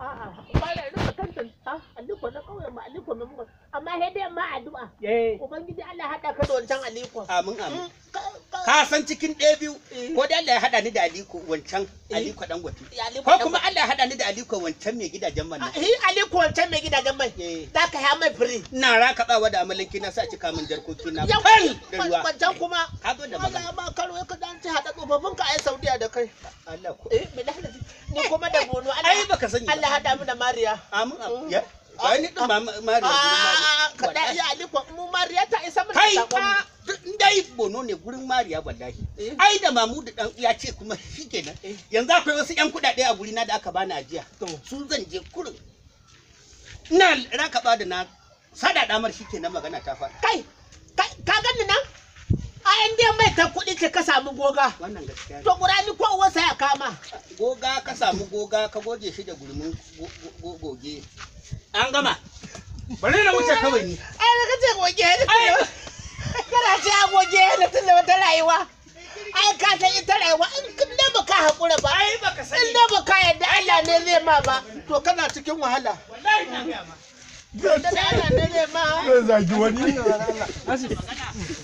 a'a ba da rufe kantin aliko na kauyen ba aliko mai muka amma sai dai ma addu'a ubangiji Allah ya hada ka da wancan aliko amin amin mm, ka san cikin ɗaya biyu ko da Allah ya hada ni da aliko wancan eh. aliko dan gwati ko kuma Allah ya hada ni da aliko wancan mai gidajen man nan ah, eh aliko wancan mai gidajen man eh. da ka ya mai firi na raka bawa da amalanki na sa cika min jarkoki na kan da ruwa wancan kuma ka zo da magana Allah ba karo ka dan ci hada tsofaffin ka ai Saudiya da kai Allah ko eh me da ni kuma da bono ai baka sani Allah hada mu da mariya amin mm. ya ai din mariya ka da iya aliko mu mariya ta isa mu da sakon dai bono ne gurin mariya wallahi eh. ai da mamudu dan ya ce kuma shikenan eh. yanzu akwai wasu yan kudade a gurina da aka bani ajiya sun zan je kurin ina rakaba da na sada damar shikenan magana ta fara kai ka gani nan a yan mai ta kuɗi ce ka samu goga wannan gaskiya to ƙurani ko uwarsa ya kama goga ka samu goga ka goge shi da gurmin goge an gama bari na wuce kawai ni ai da kace goge da kana ce a goge da tun da wata rayuwa ai ka san ita rayuwa in da baka hakura ba ai baka sani in da baka yadda Allah ne zai ma ba to kana cikin wahala wallahi na ga ma da Allah ne zai ma zai zagi wani